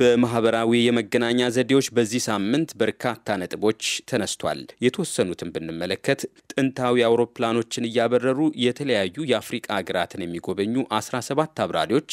በማህበራዊ የመገናኛ ዘዴዎች በዚህ ሳምንት በርካታ ነጥቦች ተነስቷል። የተወሰኑትን ብንመለከት ጥንታዊ አውሮፕላኖችን እያበረሩ የተለያዩ የአፍሪቃ ሀገራትን የሚጎበኙ 17 አብራሪዎች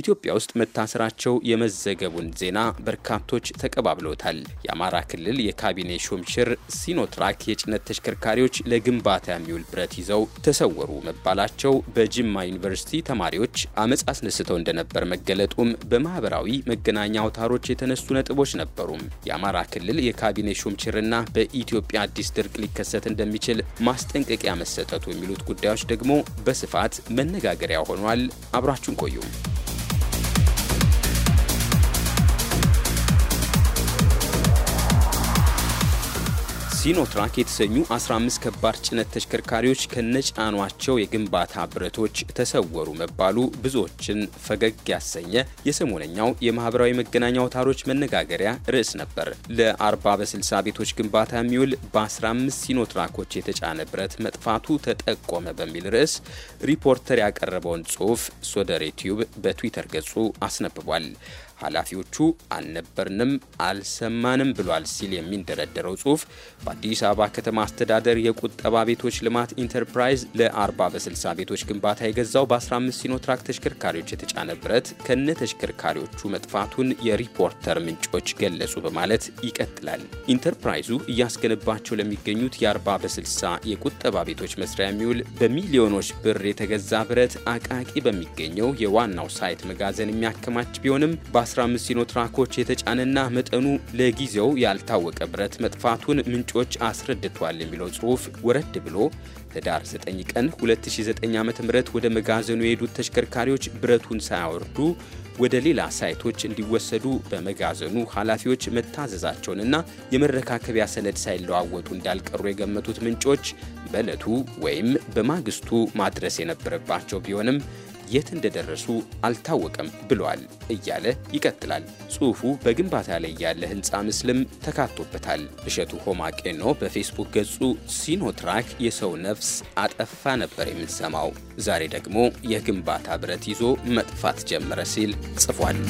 ኢትዮጵያ ውስጥ መታሰራቸው የመዘገቡን ዜና በርካቶች ተቀባብለውታል። የአማራ ክልል የካቢኔ ሹምሽር ሲኖትራክ የጭነት ተሽከርካሪዎች ለግንባታ የሚውል ብረት ይዘው ተሰወሩ መባላቸው በጅማ ዩኒቨርሲቲ ተማሪዎች አመፅ አስነስተው እንደነበር መገለጡም በማህበራዊ መገናኛ አውታሮች የተነሱ ነጥቦች ነበሩ። የአማራ ክልል የካቢኔ ሹምችርና በኢትዮጵያ አዲስ ድርቅ ሊከሰት እንደሚችል ማስጠንቀቂያ መሰጠቱ የሚሉት ጉዳዮች ደግሞ በስፋት መነጋገሪያ ሆኗል። አብራችሁን ቆዩ። ሲኖትራክ የተሰኙ 15 ከባድ ጭነት ተሽከርካሪዎች ከነጫኗቸው የግንባታ ብረቶች ተሰወሩ መባሉ ብዙዎችን ፈገግ ያሰኘ የሰሞነኛው የማህበራዊ መገናኛ አውታሮች መነጋገሪያ ርዕስ ነበር። ለ40 በ60 ቤቶች ግንባታ የሚውል በ15 ሲኖትራኮች የተጫነ ብረት መጥፋቱ ተጠቆመ በሚል ርዕስ ሪፖርተር ያቀረበውን ጽሑፍ ሶደሬ ቲዩብ በትዊተር ገጹ አስነብቧል። ኃላፊዎቹ አልነበርንም፣ አልሰማንም ብሏል ሲል የሚንደረደረው ጽሁፍ በአዲስ አበባ ከተማ አስተዳደር የቁጠባ ቤቶች ልማት ኢንተርፕራይዝ ለ40 በ60 ቤቶች ግንባታ የገዛው በ15 ሲኖትራክ ተሽከርካሪዎች የተጫነ ብረት ከነ ተሽከርካሪዎቹ መጥፋቱን የሪፖርተር ምንጮች ገለጹ በማለት ይቀጥላል። ኢንተርፕራይዙ እያስገነባቸው ለሚገኙት የ40 በ60 የቁጠባ ቤቶች መስሪያ የሚውል በሚሊዮኖች ብር የተገዛ ብረት አቃቂ በሚገኘው የዋናው ሳይት መጋዘን የሚያከማች ቢሆንም በ 15 ሲኖትራኮች የተጫነና መጠኑ ለጊዜው ያልታወቀ ብረት መጥፋቱን ምንጮች አስረድቷል የሚለው ጽሑፍ ወረድ ብሎ ህዳር 9 ቀን 2009 ዓ.ም ወደ መጋዘኑ የሄዱት ተሽከርካሪዎች ብረቱን ሳያወርዱ ወደ ሌላ ሳይቶች እንዲወሰዱ በመጋዘኑ ኃላፊዎች መታዘዛቸውንና የመረካከቢያ ሰነድ ሳይለዋወጡ እንዳልቀሩ የገመቱት ምንጮች በዕለቱ ወይም በማግስቱ ማድረስ የነበረባቸው ቢሆንም የት እንደደረሱ አልታወቀም ብሏል እያለ ይቀጥላል። ጽሁፉ በግንባታ ላይ ያለ ህንፃ ምስልም ተካቶበታል። እሸቱ ሆማቄኖ በፌስቡክ ገጹ ሲኖትራክ የሰው ነፍስ አጠፋ ነበር የምንሰማው፣ ዛሬ ደግሞ የግንባታ ብረት ይዞ መጥፋት ጀመረ ሲል ጽፏል።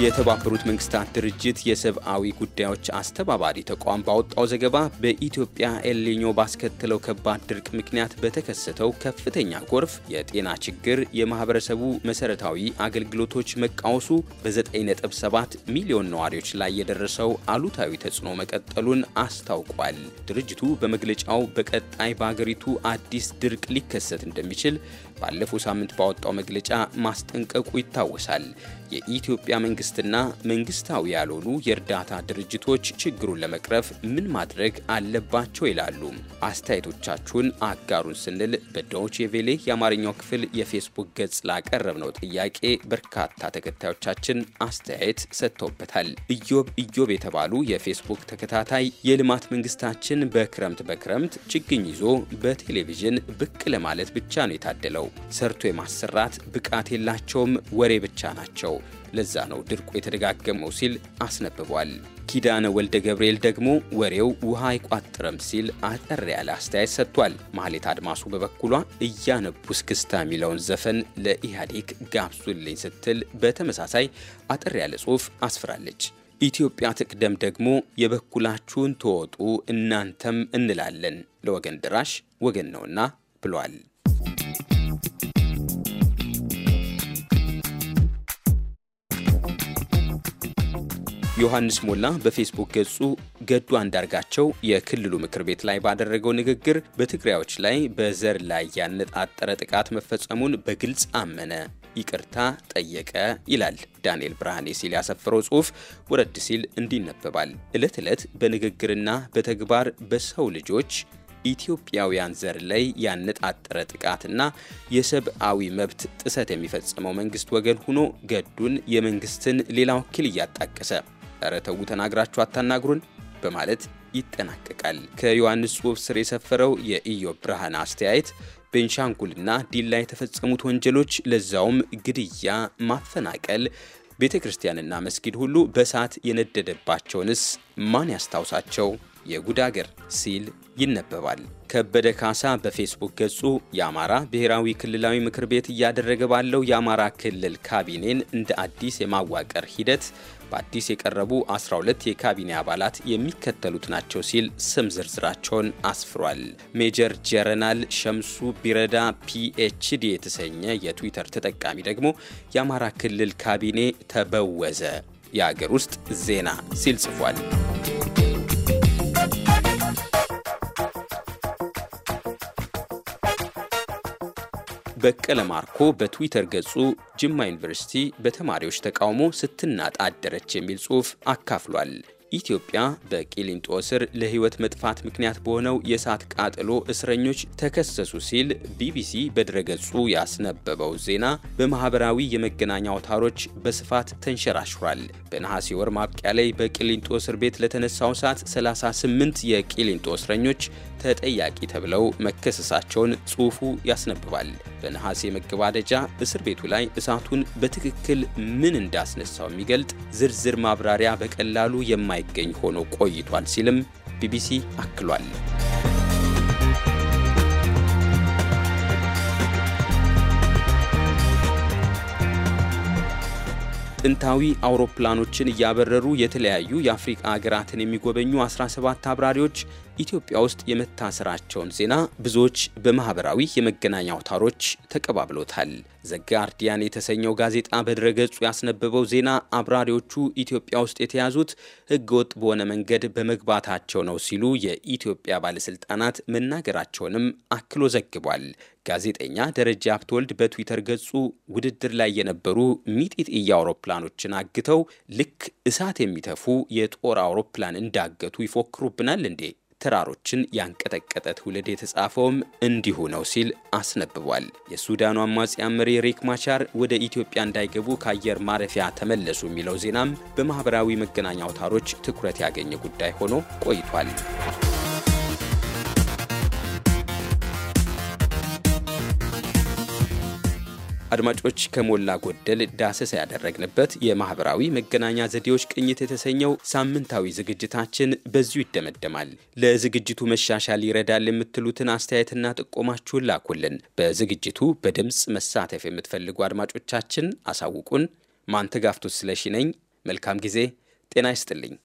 የተባበሩት መንግስታት ድርጅት የሰብአዊ ጉዳዮች አስተባባሪ ተቋም ባወጣው ዘገባ በኢትዮጵያ ኤልኒኞ ባስከተለው ከባድ ድርቅ ምክንያት በተከሰተው ከፍተኛ ጎርፍ የጤና ችግር፣ የማህበረሰቡ መሰረታዊ አገልግሎቶች መቃወሱ በ9.7 ሚሊዮን ነዋሪዎች ላይ የደረሰው አሉታዊ ተጽዕኖ መቀጠሉን አስታውቋል። ድርጅቱ በመግለጫው በቀጣይ በአገሪቱ አዲስ ድርቅ ሊከሰት እንደሚችል ባለፈው ሳምንት ባወጣው መግለጫ ማስጠንቀቁ ይታወሳል። የኢትዮጵያ መንግስትና መንግስታዊ ያልሆኑ የእርዳታ ድርጅቶች ችግሩን ለመቅረፍ ምን ማድረግ አለባቸው ይላሉ። አስተያየቶቻችሁን አጋሩን ስንል በዶቼ የቬሌ የአማርኛው ክፍል የፌስቡክ ገጽ ላቀረብነው ጥያቄ በርካታ ተከታዮቻችን አስተያየት ሰጥተውበታል። ኢዮብ ኢዮብ የተባሉ የፌስቡክ ተከታታይ የልማት መንግስታችን በክረምት በክረምት ችግኝ ይዞ በቴሌቪዥን ብቅ ለማለት ብቻ ነው የታደለው ነው። ሰርቶ የማሰራት ብቃት የላቸውም፣ ወሬ ብቻ ናቸው። ለዛ ነው ድርቁ የተደጋገመው ሲል አስነብቧል። ኪዳነ ወልደ ገብርኤል ደግሞ ወሬው ውሃ አይቋጥርም ሲል አጠር ያለ አስተያየት ሰጥቷል። ማህሌት አድማሱ በበኩሏ እያነቡ እስክስታ የሚለውን ዘፈን ለኢህአዴግ ጋብዙልኝ ስትል በተመሳሳይ አጠር ያለ ጽሑፍ አስፍራለች። ኢትዮጵያ ትቅደም ደግሞ የበኩላችሁን ተወጡ እናንተም እንላለን፣ ለወገን ድራሽ ወገን ነውና ብሏል። ዮሐንስ ሞላ በፌስቡክ ገጹ ገዱ አንዳርጋቸው የክልሉ ምክር ቤት ላይ ባደረገው ንግግር በትግራዮች ላይ በዘር ላይ ያነጣጠረ ጥቃት መፈጸሙን በግልጽ አመነ፣ ይቅርታ ጠየቀ ይላል ዳንኤል ብርሃኔ ሲል ያሰፈረው ጽሑፍ ወረድ ሲል እንዲነበባል። ዕለት ዕለት በንግግርና በተግባር በሰው ልጆች ኢትዮጵያውያን ዘር ላይ ያነጣጠረ ጥቃትና የሰብአዊ መብት ጥሰት የሚፈጽመው መንግስት ወገን ሆኖ ገዱን የመንግስትን ሌላ ወኪል እያጣቀሰ እረ ተዉ ተናግራችሁ አታናግሩን በማለት ይጠናቀቃል። ከዮሐንስ ጽሑፍ ስር የሰፈረው የኢዮብ ብርሃን አስተያየት ቤንሻንጉልና ዲላ የተፈጸሙት ወንጀሎች ለዛውም ግድያ፣ ማፈናቀል ቤተ ክርስቲያንና መስጊድ ሁሉ በእሳት የነደደባቸውንስ ማን ያስታውሳቸው የጉድ አገር ሲል ይነበባል። ከበደ ካሳ በፌስቡክ ገጹ የአማራ ብሔራዊ ክልላዊ ምክር ቤት እያደረገ ባለው የአማራ ክልል ካቢኔን እንደ አዲስ የማዋቀር ሂደት በአዲስ የቀረቡ 12 የካቢኔ አባላት የሚከተሉት ናቸው ሲል ስም ዝርዝራቸውን አስፍሯል። ሜጀር ጀረናል ሸምሱ ቢረዳ ፒኤችዲ የተሰኘ የትዊተር ተጠቃሚ ደግሞ የአማራ ክልል ካቢኔ ተበወዘ፣ የአገር ውስጥ ዜና ሲል ጽፏል። በቀለ ማርኮ በትዊተር ገጹ ጅማ ዩኒቨርሲቲ በተማሪዎች ተቃውሞ ስትናጣ አደረች የሚል ጽሑፍ አካፍሏል። ኢትዮጵያ በቂሊንጦ እስር ለሕይወት መጥፋት ምክንያት በሆነው የእሳት ቃጠሎ እስረኞች ተከሰሱ ሲል ቢቢሲ በድረገጹ ያስነበበው ዜና በማህበራዊ የመገናኛ አውታሮች በስፋት ተንሸራሽሯል። በነሐሴ ወር ማብቂያ ላይ በቂሊንጦ እስር ቤት ለተነሳው እሳት 38 የቂሊንጦ እስረኞች ተጠያቂ ተብለው መከሰሳቸውን ጽሑፉ ያስነብባል። በነሐሴ መገባደጃ እስር ቤቱ ላይ እሳቱን በትክክል ምን እንዳስነሳው የሚገልጥ ዝርዝር ማብራሪያ በቀላሉ የማ የማይገኝ ሆኖ ቆይቷል ሲልም ቢቢሲ አክሏል። ጥንታዊ አውሮፕላኖችን እያበረሩ የተለያዩ የአፍሪቃ ሀገራትን የሚጎበኙ 17 አብራሪዎች ኢትዮጵያ ውስጥ የመታሰራቸውን ዜና ብዙዎች በማህበራዊ የመገናኛ አውታሮች ተቀባብሎታል። ዘጋርዲያን የተሰኘው ጋዜጣ በድረገጹ ያስነበበው ዜና አብራሪዎቹ ኢትዮጵያ ውስጥ የተያዙት ህገወጥ በሆነ መንገድ በመግባታቸው ነው ሲሉ የኢትዮጵያ ባለስልጣናት መናገራቸውንም አክሎ ዘግቧል። ጋዜጠኛ ደረጃ ሀብትወልድ በትዊተር ገጹ ውድድር ላይ የነበሩ ሚጢጢ አውሮፕላኖችን አግተው ልክ እሳት የሚተፉ የጦር አውሮፕላን እንዳገቱ ይፎክሩብናል እንዴ ተራሮችን ያንቀጠቀጠ ትውልድ የተጻፈውም እንዲሁ ነው ሲል አስነብቧል። የሱዳኑ አማጽያን መሪ ሪክ ማቻር ወደ ኢትዮጵያ እንዳይገቡ ከአየር ማረፊያ ተመለሱ የሚለው ዜናም በማኅበራዊ መገናኛ አውታሮች ትኩረት ያገኘ ጉዳይ ሆኖ ቆይቷል። አድማጮች ከሞላ ጎደል ዳሰሳ ያደረግንበት የማህበራዊ መገናኛ ዘዴዎች ቅኝት የተሰኘው ሳምንታዊ ዝግጅታችን በዚሁ ይደመደማል። ለዝግጅቱ መሻሻል ይረዳል የምትሉትን አስተያየትና ጥቆማችሁን ላኩልን። በዝግጅቱ በድምፅ መሳተፍ የምትፈልጉ አድማጮቻችን አሳውቁን። ማንተጋፍቶት ስለሺ ነኝ። መልካም ጊዜ። ጤና ይስጥልኝ።